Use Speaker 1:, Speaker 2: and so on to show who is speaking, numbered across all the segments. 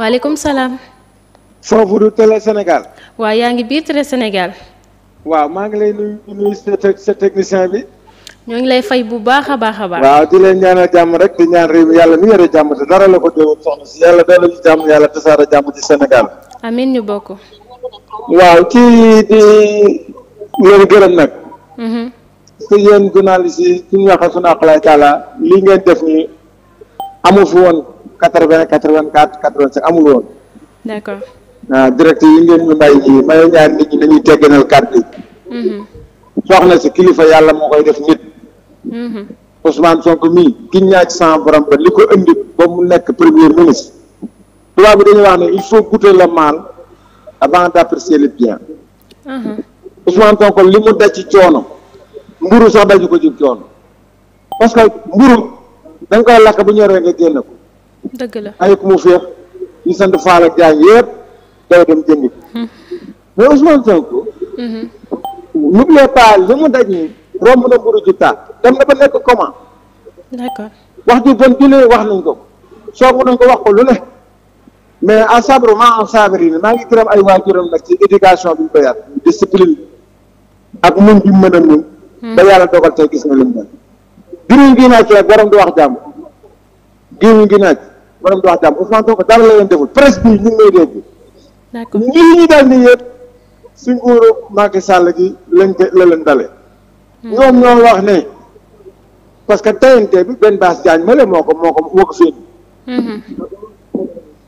Speaker 1: waaleykum salaam. foofu du Télé Sénégal. waaw yaa ngi biir Télé Sénégal. waaw maa ngi lay nuyu nuyu sa technicien bi. ñoo ngi lay fay bu baax a baax a baax. waaw di leen ñaanal jàmm rek di ñaan réew yàlla mi yore jàmm te dara la ko déwoon soxna si yàlla dara ñu jàmm yàlla tasaara jàmm ci Sénégal. amiin ñu bokk. waaw ci di leen gërëm nag. te mm-hmm. yéen journaliste yi suñu waxee suñu aqlaay taala li ngeen def nii amu fi woon. 80 84 85 amul woon. d'accord waaw ah, direct yi ngeen ñu may yi may ñaan nit ñi dañuy tegginal carte yi. Mhm. soxna si kilifa yàlla moo koy def nit. Mhm. Ousmane Sonko mii ki ñaaj sans borom ba li ko indi ba mu nekk premier ministre. tubaab bi dañuy wax ne il faut goûter le mal avant d'apprécier le bien. Mhm. Ousmane Sonko li mu daj ci coono mburu sax daju ko ci coono parce que mburu da nga koy lakk bu ñoree nga génn ko. dëgg la ay ku mu féex ñu sant Fall ak Diagne yëpp daw dem jëndi ko hmm. mais Ousmane Sonko hmm. n'oubliez li mu daj nii romb na mburu ju dem na ba nekk comment wax ju bon ju wax nañ ko soogu nañ ko wax ko lu ne mais en sabre ma en sabre yi maa ngi gërëm ay waajuram nag ci éducation bi ñu ko yar discipline ak muñ bi mën a muñ hmm. ba yàlla dogal gis na li mu mel giriñ gi naaj la borom di wax jàmm giriñ gi naaj borom a wax jàmm Ousmane Sonko dara la leen deful presse bi ñu ngi may dégg. d'accord ñii nii yëpp si nguuru Macky Sall gi lañ la leen dale. Hmm. ñoom ñoo wax ne parce que TNT bi benn baas jaañ male moo ko moo ko moo ko féet. Hmm.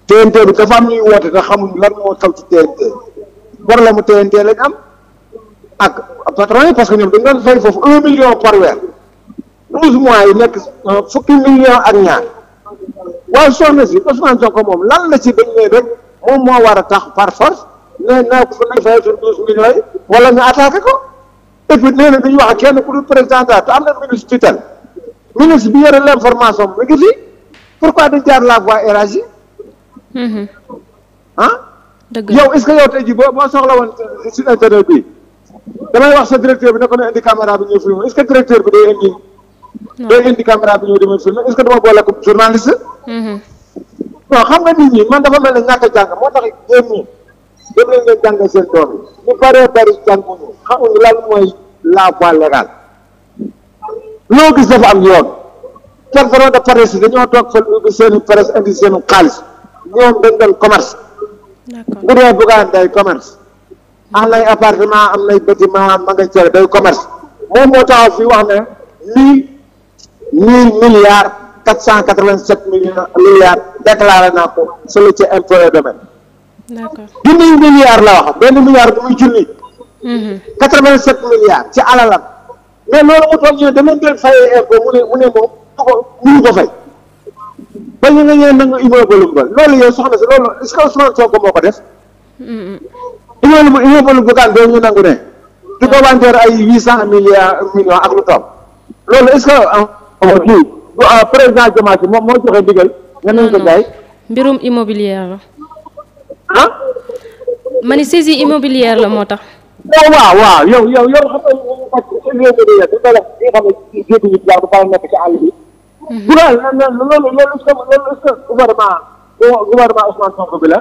Speaker 1: TNT bi dafa am ñuy woote te xamuñ lan moo taw ci TNT problème mu TNT lañ am ak patron yi parce que ñoom dañ doon fay foofu un million par weer douze mois yi nekk euh, fukki million ak ñaar. waaw soxna si Ousmane ko moom lan la ci dañ ne rek moom moo war a tax par force ne na ko fa fay suñu millions yi wala ñu attaqué ko et puis nee na dañuy wax ak kenn ku dul président te am na ministre tutelle ministre bi yore l'information mu ngi fi pourquoi dañ jaar la voie élargie mhm. ah yow est-ce que yow tey jii boo boo soxla woon si internet bi damay wax sa directeur bi ne ko ne indi caméra bi ñuy filmé est-ce que directeur bi dee indi day indi caméra bi ñëw demee filmé est ce que dama boole ko journaliste. Mhm. non xam nga nit ñi man dafa mel ne ñàkk a jàng moo tax yéen ñi seen doom yi ñu baree bari jànguñu xamuñu mooy la voie légale loo gis dafa am yoon conférence de presse dañoo toog fan ubbi seen presse indi seen xaalis ñoom dañ doon commerce. d'accord bu dee bugaan day commerce. am nay appartement am nay bâtiment ma nga cere day commerce moom moo taxaw fii wax ne lii. mille milliards quatre cent quatre vingt sept milliards déclaré naa ko solo ci impôt et domaine junni milliards benn milliard bu muy junni mhm. quatre vingt sept milliards ci alalam mais loolu mu toog ñu ne dama leen fayee impôt mu ne mu ne moom du ko mënu ko fay ba ñu nga ñeen nangu immeuble ba loolu yow si loolu est-ce que Ousmane Sonko moo ko def immeuble immeuble bu gaan doo ñu nangu ne di ko wanteer ay huit cent milliards millions ak lu toog loolu est que xaw ma kii du président Diomaye si moo joxe digal. mbirum immobilière la. ah. ma ni saisie immobilière la moo tax. waaw waaw yow yow yow xam nga li nga xam ne ci àll bi. bu la loolu loolu sama loolu gouvernement gouvernement Ousmane Sonko bi la.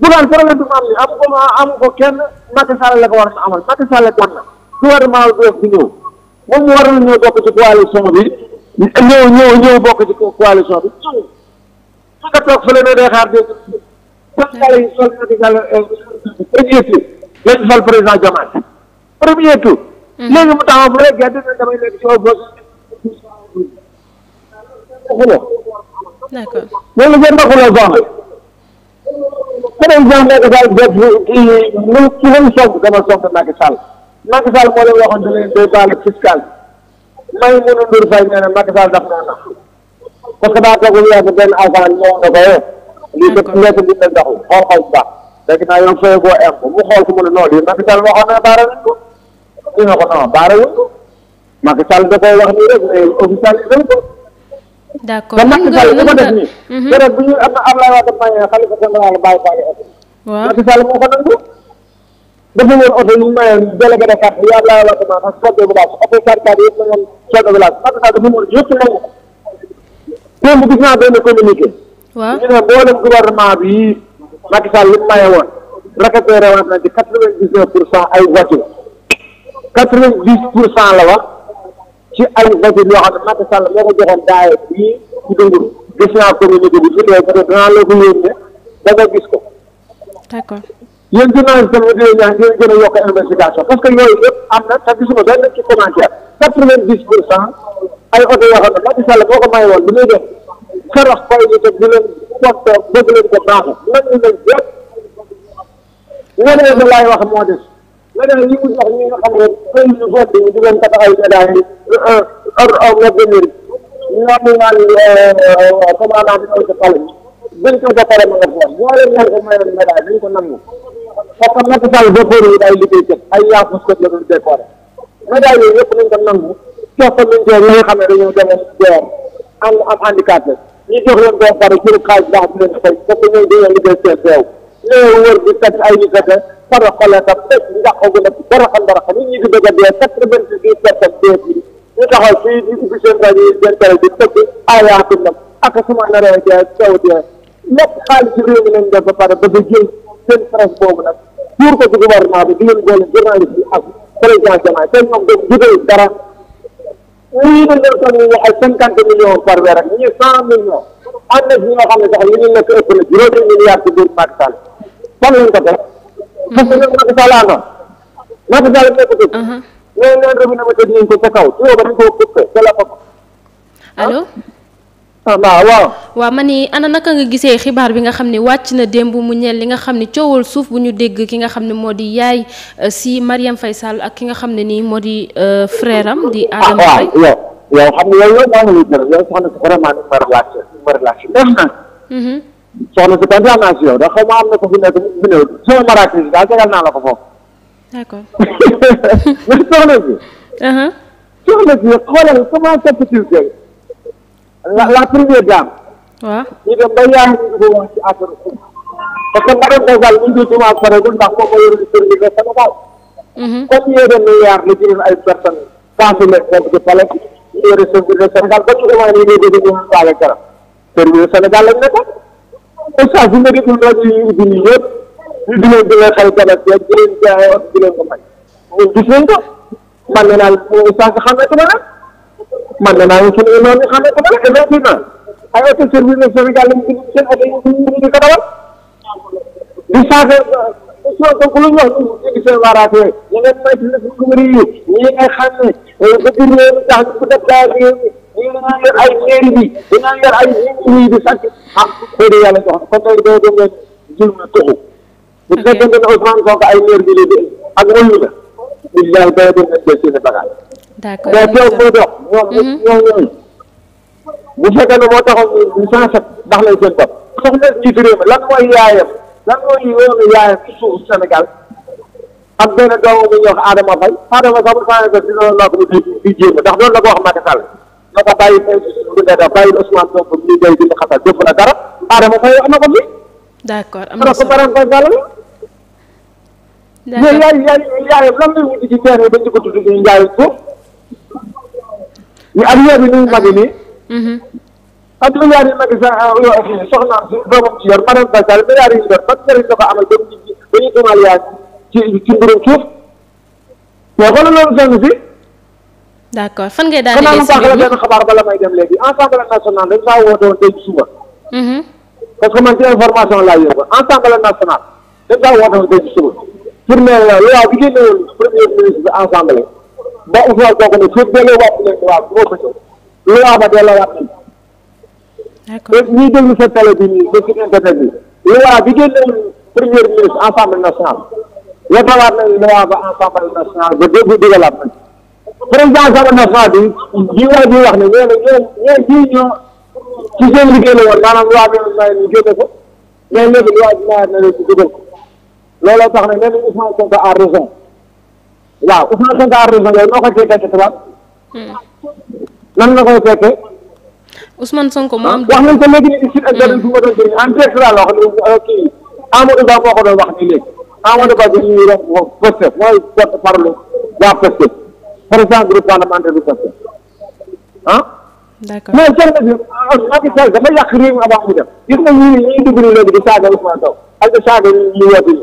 Speaker 1: bu naan problème bi am ko am ko kenn Macky Sall la ko war a amal Macky Sall la gouvernement bi ñëw. moom war na ñëw bokk ci coalition bi ñëw ñëw ñëw bokk ci l bi ñëw su ko toog fële ne day xaar dégg Sénégalais yi sol Macky Sall euh, premier tour lañu sol président Diomaye premier tour hmm. léegi mu taxaw mu rek gerte na damay nekk ci opposition loolu ngeen doxuloo baax na président Macky Sall def mu mu song dama song Macky Sall Macky Sall moo leen waxoon ne leen day baal fiscal may mën a ndur fay nee na Macky Sall daf naa na ko yow eh, lii dëpp lekk bi ne ndaxu xool xool bu baax léegi naa yow fay koo imp mu xool ku mu ne noonu lii Macky Sall waxoon na baara wuñ ko ñu ne ko non baara wuñ ko Macky da koy wax nii rek mais officiel yi ko d'accord ba Macky Sall li ma def nii mhm. keroog bi ñu am na Ablaye Wade mayee xalifa général Baye Fall Macky Sall moo ko nangu dafa woon oto yi mayoon délégué de quartier yi Abdoulaye Wade ma ak chef de village oto sarkat yëpp mayoon chef de village parce que dafa woon yëpp nangu démb gis naa benn communiqué waaw ñu ne mboolem gouvernement bi Macky Sall li mu maye woon récupéré woon na ci quatre vingt dix neuf pour cent ay voiture quatre vingt dix pour cent la wax ci ay voiture yoo xam ne Macky Sall moo ko joxoon daaye bii ci dunguru gis naa communiqué bi su dee peut-être danaa la ko yónnee da nga gis ko d'accord yéen journaliste tam ñu ngi ñaan ngeen gën a yokk investigation parce que yooyu yëpp am na te gisuma benn ci commentaire quatre-vingt-dix pour cent ay oto yoo xam ne Macky Sall boo ko may woon bi muy def sarax bay ñu teg di leen toog bëgg leen ko baaxee man ñu leen jot leneen laay wax moo des leneen li mu wax ñi nga xam ne kay ñu vote ñu di leen tax ay médailles yi or nga demir ñoom ñu naan euh, commandant bi dañ ko pale dañ ko ba pare ma nga foon boo leen ñaan ko mayoon médaille dañ ko nangu parce que Macky Sall décoré yi day liggéey kat ay yaafus kat la doon décoré médailles yooyu yëpp nañ ko nangu jox ko ñun tey ñi nga xam ne dañoo demoon door am am handicap la ñu jox leen boo pare jël xaalis baax bi leen fay parce que ñoom dañoo liggéey seen réew ñoo wër di kat ay nit kat fara xolee tam teg ndax ko gën a baraxal baraxal nit ñi di bëgg a dee quatre-vingt-dix personnes dee fii ñu taxaw fii di ubbi seen rajo yi seen télé di tëgg ayaatul nag ak suma naree dee sew dee lépp xaalis réew mi lañ def ba pare ba ba jël seen presse boobu nag tuur ko ci gouvernement bi di leen boole journaliste yi ak président Diomaye tey ñoom dañ jubal dara lii dañ leen sonn ñu ay cinquante millions par weer ak ñu cent millions am na ñoo xam ne sax li ñu nekk ëpp na juróomi milliards ci biir Macky Sall fan lañ ko def parce que ñoom Macky Sall ana Macky Sall nekk dëgg mais neen rebi na ma tëj nañ ko ca kaw ci yow ba dañ koo coupé ca la ko allo ah? waaw waaw. waaw ma ni ana naka nga gisee xibaar bi nga xam ne wàcc na démb mu ñeel li nga xam ne coowal suuf bu ñu dégg ki nga xam ne moo di yaay euh, si Mariam Faye Sall ak ki nga xam ne nii moo di euh, frère di. Adama ah, Faye ah waaw yow xam yow maa ngi lay gërëm soxna si vraiment naa mm-hmm. si yow da ma am na ko fi nekk fi néew sama maraîchage daal tegal naa la ko foofu. la la première dame. waaw ñu dem ba yaay ñu ko wax ci affaire suuf parce que madame Ghazal ñu ngi jumaa paregul ndax moom moo yore service de Sénégal. Mhm. combien de milliards la jëlee ay personnes sans les services de palais ñu yore service de Sénégal ba ci jamono yi ñu dégg ñu Waly Garam service de Sénégal lañ nekk. état bi nga déglu rajo yi ubbi nii yëpp ñu di leen jëlee xel keneen di leen jaayee di leen ko may ñun gis nañ ko man nee naa état xam na ko man de naa ne sunu émission bi xam nga effectivement ay auto service la Sénégal lañ bind seen oto yi ñu di ko dawal di saaga Ousmane Sonko lu ñu wax ñu ngi seen waaraat yooyu ñu ngeen may ci def numéro yi ñi ngay xam ne ba biir réew mi tax bu def daa réew mi ñu ngi yor ay mairie bi dinaa yor ay nit di sàcc ah xëy na yàlla jox kon tey doo doon leen jël na tuxu bu fekkee ne Ousmane Sonko ay maire bi la dé ak wëllu la billahi doo doon leen jël seen bagage d'accord mais teew muy dox. ñoom ñoom bu moo taxaw ñu cent sept ndax lay jël bopp. soxna ci réew mi lan wax Adama Faye Adama sax bu faa nekk la ko di di jéem ndax loolu la ko wax Macky Sall na ko bàyyi fay bu ne def Adama Faye am ko fi. d'accord am ko baram koy jàllale. yaay yaay lan lay wuti ci maire yi dañ ko tudd ñu njaayam ko. ak yooyu bi nu mu màgg nii. Mm-hmm. ak milliards yi màgg sax ah, eh, soxnaam si doomam ci yor madame Ba Sall milliards yi ñu doon ban njëriñ la ba ñu ba ñu dumal yaa ci loolu fenn si. d'accord fan ngay daal di xabaar bala may dem léegi ensemble national dañ faa woote woon tey suba. Mm-hmm. parce que man ci information laa yëngu ensemble national dañ faa woote woon tey suba. pour ne la loi bi génne premier ministre bi ensemble. ba Ousmane Sonko ne fépp delloo waat leen waaw du ma ko ñëw lu ma ama delloo waat nañ d'accord ñuy déglu sa télé bi nii ba ci internet bi loi bi génnoon premier ministre ensemble national wetawaat nañ loi ba ensemble national ba dégg dugalaat nañ président assemblée nationale bi di wax di wax ne ñoo ne ñoo ñoo ñii ñoo ci seen liggéey la woon maanaam loi bi nawet ñu génne ko mais léegi loi bi nawet na leen ci dugal ko looloo tax ne nee nañu Ousmane Sonko a raison waaw Ousmane Sonko arrêté yooyu noo ko ciy fekke tubaab. Hmm. nan la koy fekke. Ousmane Sonko moo am. wax nañ ko léegi nii si internet bi ma doon jëriñ en direct laa euh, moo ko doon ah? dafa yàq réew mi mu dem gis nga ñii ñuy dugg léegi di saaga Ousmane Sonko ak di saaga ñu ñu woote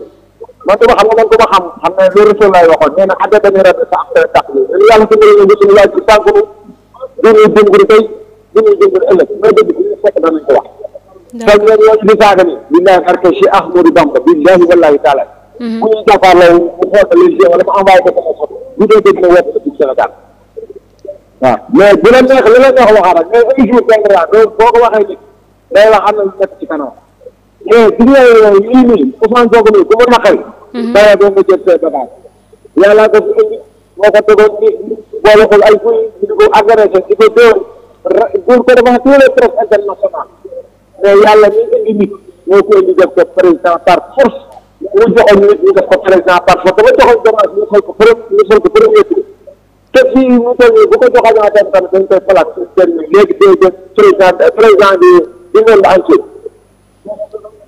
Speaker 1: man du ma xam man du ma xam xam ne loolu Rasul laay waxoon nee na àddama rajo sax sax bi li yàlla dimbali ñu gis ñu laaj ci tànku bi ñuy dimbali tey bi ñuy dimbali ëllëg mooy dëgg bu ñu fekk danañ ko wax. kon ñoom ñoo di saaga ni billahi barke Cheikh Ahmadou Bamba billahi wallahi taala bu mhm. ñu jàkkaarloo mu xool léegi wala mu envoyé ko sama photo bu dee dëgg na woote ko ci Sénégal waaw mais bu la neex li la neex waxaa rek mais un jour fekk laa doo boo ko waxee nit day wax am na lu nekk ci kanam mais bi ñu lii nii Ousmane Sonko nii bu ma naqari bàyyi boo nga jël say bagage yàlla ko fi indi moo ko tegoon ni boole ko ay fuy di ko agressé di ko dóor dóor ko devant tous les presse internationale mais yàlla mi indi nit moo ko indi def ko président par force mu joxoon nit ñu def ko président par force dafa joxoon dommage ñu xool ko premier ñu xool ko premier prix te fii mu toll nii bu ko joxoon naa dem tamit dañ koy falaat suñu léegi day jël président président du du monde entier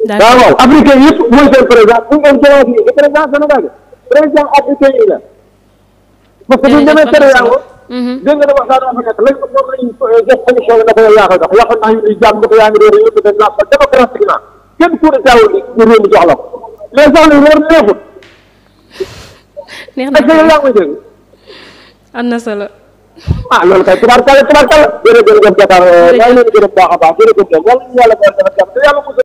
Speaker 1: waaw waaw africain yëpp mooy seen président bu ñu doon jëlaat nii le président Sénégal président africain yi la. parce que bu ñu demee CEDEAO. Mhm. dégg nga ne waxtaan dafa nekk léegi moom la ñuy euh, jox commission bi dafa yaa ko jox waxoon naa ñu jàmm dafa yaa ngi doon yëpp dañ naan ko démocratiquement kenn ku ne taawul ni ñu réew mi jox la ko mais sax la war neexut. neex na est-ce que yow yaa ngi koy dégg. am na solo. ah loolu kay tubaarkalla tubaarkalla. jërëjëf jërëjëf Dakar euh, maa ngi leen di gërëm baax a baax jërëjëf